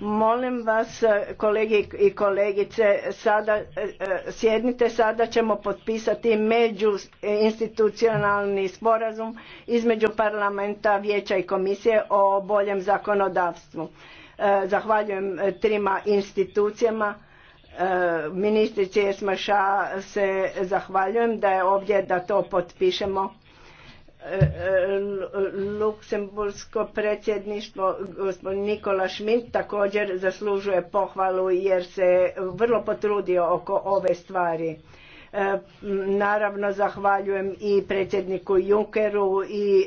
molim vas eh, kolege i kolegice eh, eh, sjednite sada ćemo potpisati međuinstitucionalni sporazum između parlamenta vijeća i komisije o boljem zakonodavstvu zahvaljujem trima institucijama ministrici esmaša se zahvaljujem da je ovdje da to potpišemo E, e, Luksemburgsko predsjedništvo gospodin Nikola Šmit također zaslužuje pohvalu jer se vrlo potrudio oko ove stvari. E, naravno zahvaljujem i predsjedniku Junckeru i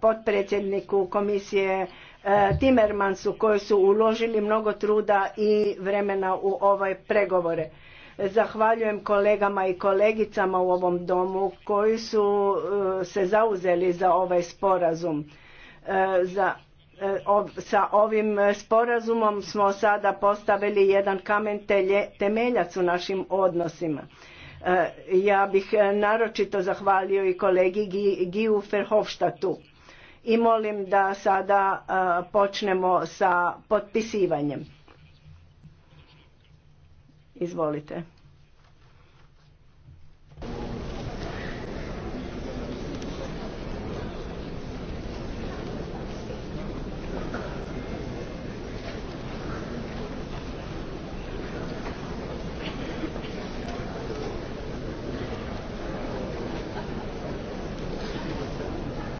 potpredsjedniku komisije Timmermansu koji su uložili mnogo truda i vremena u ove pregovore. Zahvaljujem kolegama i kolegicama u ovom domu koji su e, se zauzeli za ovaj sporazum. E, za, e, sa ovim sporazumom smo sada postavili jedan kamen temeljac u našim odnosima. Ja bih naročito zahvalio i kolegi Giju Ferhofštatu i molim da sada počnemo sa potpisivanjem. Izvolite.